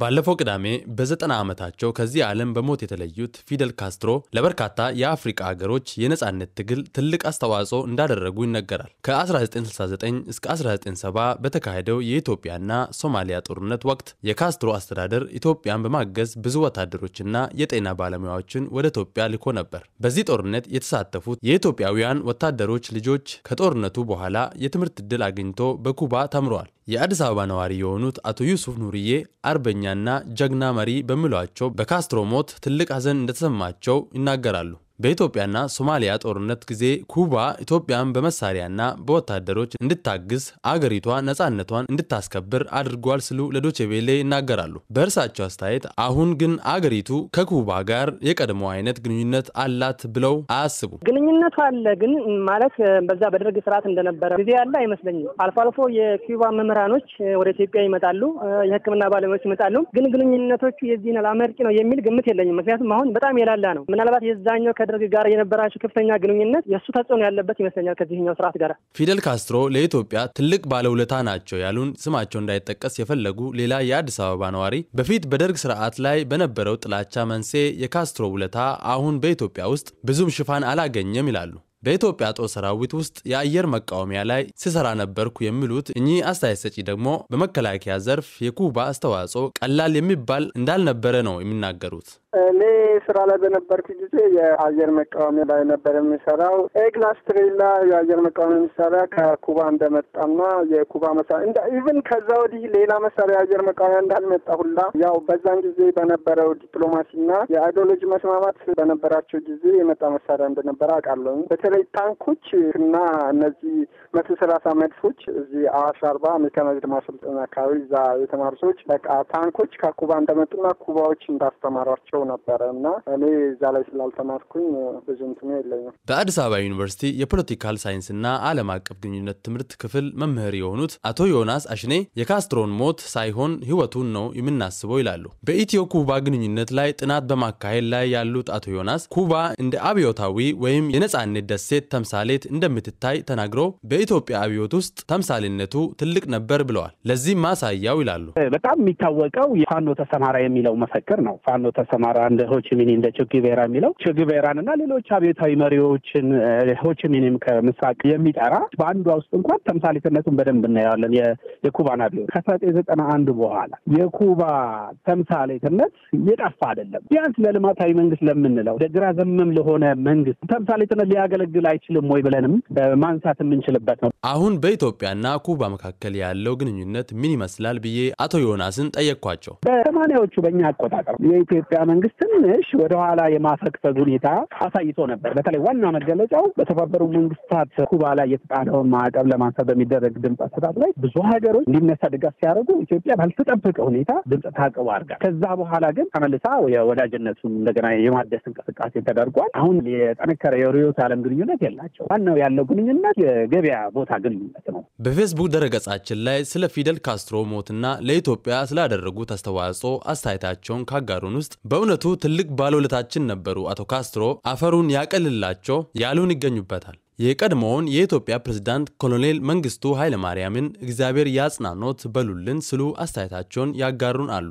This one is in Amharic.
ባለፈው ቅዳሜ በዘጠና ዓመታቸው ከዚህ ዓለም በሞት የተለዩት ፊደል ካስትሮ ለበርካታ የአፍሪቃ አገሮች የነፃነት ትግል ትልቅ አስተዋጽኦ እንዳደረጉ ይነገራል። ከ1969 እስከ 1970 በተካሄደው የኢትዮጵያና ሶማሊያ ጦርነት ወቅት የካስትሮ አስተዳደር ኢትዮጵያን በማገዝ ብዙ ወታደሮችና የጤና ባለሙያዎችን ወደ ኢትዮጵያ ልኮ ነበር። በዚህ ጦርነት የተሳተፉት የኢትዮጵያውያን ወታደሮች ልጆች ከጦርነቱ በኋላ የትምህርት ዕድል አግኝቶ በኩባ ተምረዋል። የአዲስ አበባ ነዋሪ የሆኑት አቶ ዩሱፍ ኑርዬ አርበኛ ጀብደኛና ጀግና መሪ በሚሏቸው በካስትሮ ሞት ትልቅ ሐዘን እንደተሰማቸው ይናገራሉ። በኢትዮጵያና ሶማሊያ ጦርነት ጊዜ ኩባ ኢትዮጵያን በመሳሪያና በወታደሮች እንድታግዝ አገሪቷ ነፃነቷን እንድታስከብር አድርጓል ሲሉ ለዶቼቬሌ ይናገራሉ። በእርሳቸው አስተያየት አሁን ግን አገሪቱ ከኩባ ጋር የቀድሞ አይነት ግንኙነት አላት ብለው አያስቡ። ግንኙነቱ አለ ግን ማለት በዛ በደርግ ስርዓት እንደነበረ ጊዜ ያለ አይመስለኝም። አልፎ አልፎ የኩባ መምህራኖች ወደ ኢትዮጵያ ይመጣሉ፣ የሕክምና ባለሙያዎች ይመጣሉ። ግን ግንኙነቶቹ የዚህን አመርቂ ነው የሚል ግምት የለኝም። ምክንያቱም አሁን በጣም የላላ ነው። ምናልባት የዛኛው ከማድረግ ጋር የነበራቸው ከፍተኛ ግንኙነት የእሱ ተጽዕኖ ያለበት ይመስለኛል ከዚህኛው ስርዓት ጋር። ፊደል ካስትሮ ለኢትዮጵያ ትልቅ ባለውለታ ናቸው ያሉን ስማቸው እንዳይጠቀስ የፈለጉ ሌላ የአዲስ አበባ ነዋሪ በፊት በደርግ ስርዓት ላይ በነበረው ጥላቻ መንስኤ የካስትሮ ውለታ አሁን በኢትዮጵያ ውስጥ ብዙም ሽፋን አላገኘም ይላሉ። በኢትዮጵያ ጦር ሰራዊት ውስጥ የአየር መቃወሚያ ላይ ሲሰራ ነበርኩ የሚሉት እኚህ አስተያየት ሰጪ ደግሞ በመከላከያ ዘርፍ የኩባ አስተዋጽኦ ቀላል የሚባል እንዳልነበረ ነው የሚናገሩት። እኔ ስራ ላይ በነበርኩ ጊዜ የአየር መቃወሚያ ላይ ነበር የሚሰራው። ኤግላስትሬላ የአየር መቃወሚያ የሚሰራ ከኩባ እንደመጣና የኩባ መሳሪያ ኢቭን ከዛ ወዲህ ሌላ መሳሪያ የአየር መቃወሚያ እንዳልመጣ ሁላ ያው በዛን ጊዜ በነበረው ዲፕሎማሲና የአይዲዮሎጂ መስማማት በነበራቸው ጊዜ የመጣ መሳሪያ እንደነበረ አውቃለሁ። በተለይ ታንኮች እና እነዚህ መቶ ሰላሳ መድፎች እዚህ አዋሽ አርባ አሜሪካ ማሰልጠኛ አካባቢ እዛ የተማሩ ሰዎች በቃ ታንኮች ከኩባ እንደመጡና ኩባዎች እንዳስተማሯቸው ነበረ እና እኔ እዛ ላይ ስላልተማርኩኝ ብዙ እንትኑ የለኝም። በአዲስ አበባ ዩኒቨርሲቲ የፖለቲካል ሳይንስና ዓለም አቀፍ ግንኙነት ትምህርት ክፍል መምህር የሆኑት አቶ ዮናስ አሽኔ የካስትሮን ሞት ሳይሆን ህይወቱን ነው የምናስበው ይላሉ። በኢትዮ ኩባ ግንኙነት ላይ ጥናት በማካሄድ ላይ ያሉት አቶ ዮናስ ኩባ እንደ አብዮታዊ ወይም የነጻነት ሴት ተምሳሌት እንደምትታይ ተናግሮ በኢትዮጵያ አብዮት ውስጥ ተምሳሌነቱ ትልቅ ነበር ብለዋል። ለዚህም ማሳያው ይላሉ በጣም የሚታወቀው ፋኖ ተሰማራ የሚለው መፈክር ነው። ፋኖ ተሰማራ እንደ ሆችሚኒ እንደ ቾጊቬራ የሚለው ቾጊቬራን እና ሌሎች አብዮታዊ መሪዎችን ሆችሚኒም ከምስራቅ የሚጠራ በአንዷ ውስጥ እንኳን ተምሳሌትነቱን በደንብ እናየዋለን። የኩባን አብዮት ከሰጤ ዘጠና አንድ በኋላ የኩባ ተምሳሌትነት የጠፋ አይደለም። ቢያንስ ለልማታዊ መንግስት ለምንለው ግራ ዘመም ለሆነ መንግስት ተምሳሌትነት ሊያገለግል ሊያገለግል አይችልም ወይ ብለንም ማንሳት የምንችልበት ነው። አሁን በኢትዮጵያና ኩባ መካከል ያለው ግንኙነት ምን ይመስላል ብዬ አቶ ዮናስን ጠየቅኳቸው። በሰማኒያዎቹ በእኛ አቆጣጠር የኢትዮጵያ መንግስት ትንሽ ወደኋላ የማፈግፈግ ሁኔታ አሳይቶ ነበር። በተለይ ዋና መገለጫው በተባበሩ መንግስታት ኩባ ላይ የተጣለውን ማዕቀብ ለማንሳት በሚደረግ ድምፅ አሰጣጥ ላይ ብዙ ሀገሮች እንዲነሳ ድጋፍ ሲያደርጉ ኢትዮጵያ ባልተጠበቀ ሁኔታ ድምፅ ታቅቦ አድርጋ ከዛ በኋላ ግን ተመልሳ የወዳጅነቱን እንደገና የማደስ እንቅስቃሴ ተደርጓል። አሁን የጠነከረ የርዕዮተ ዓለም ግንኙነት ግንኙነት የላቸው። ዋናው ያለው ግንኙነት የገበያ ቦታ ግንኙነት ነው። በፌስቡክ ደረገጻችን ላይ ስለ ፊደል ካስትሮ ሞትና ለኢትዮጵያ ስላደረጉት አስተዋጽኦ አስተያየታቸውን ካጋሩን ውስጥ በእውነቱ ትልቅ ባለውለታችን ነበሩ አቶ ካስትሮ አፈሩን ያቀልላቸው ያሉን ይገኙበታል። የቀድሞውን የኢትዮጵያ ፕሬዝዳንት ኮሎኔል መንግስቱ ኃይለማርያምን እግዚአብሔር ያጽናኖት በሉልን ስሉ አስተያየታቸውን ያጋሩን አሉ።